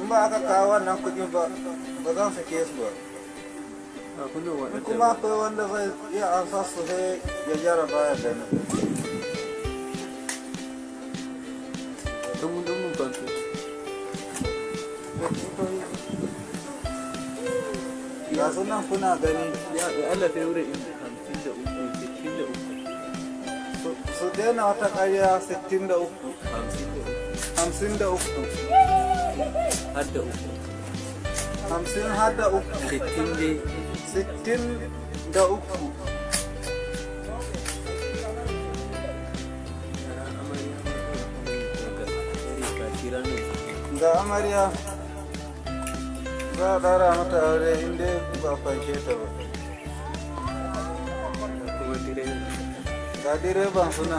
in ba aka kawo wannan kudin ba ba zan sake su ba kuma akwai wanda zai iya ansa su sai ya jaraba ya gani dubu sunan kuna gani ya alafe wurin hamsin da sittin da uku su daina wata ƙarya sittin hamsin da uku har da uku hamsin har da uku sittin dai sittin da uku ga amarya za a ɗara mata aure inda ba fanshe keta ba ga direban suna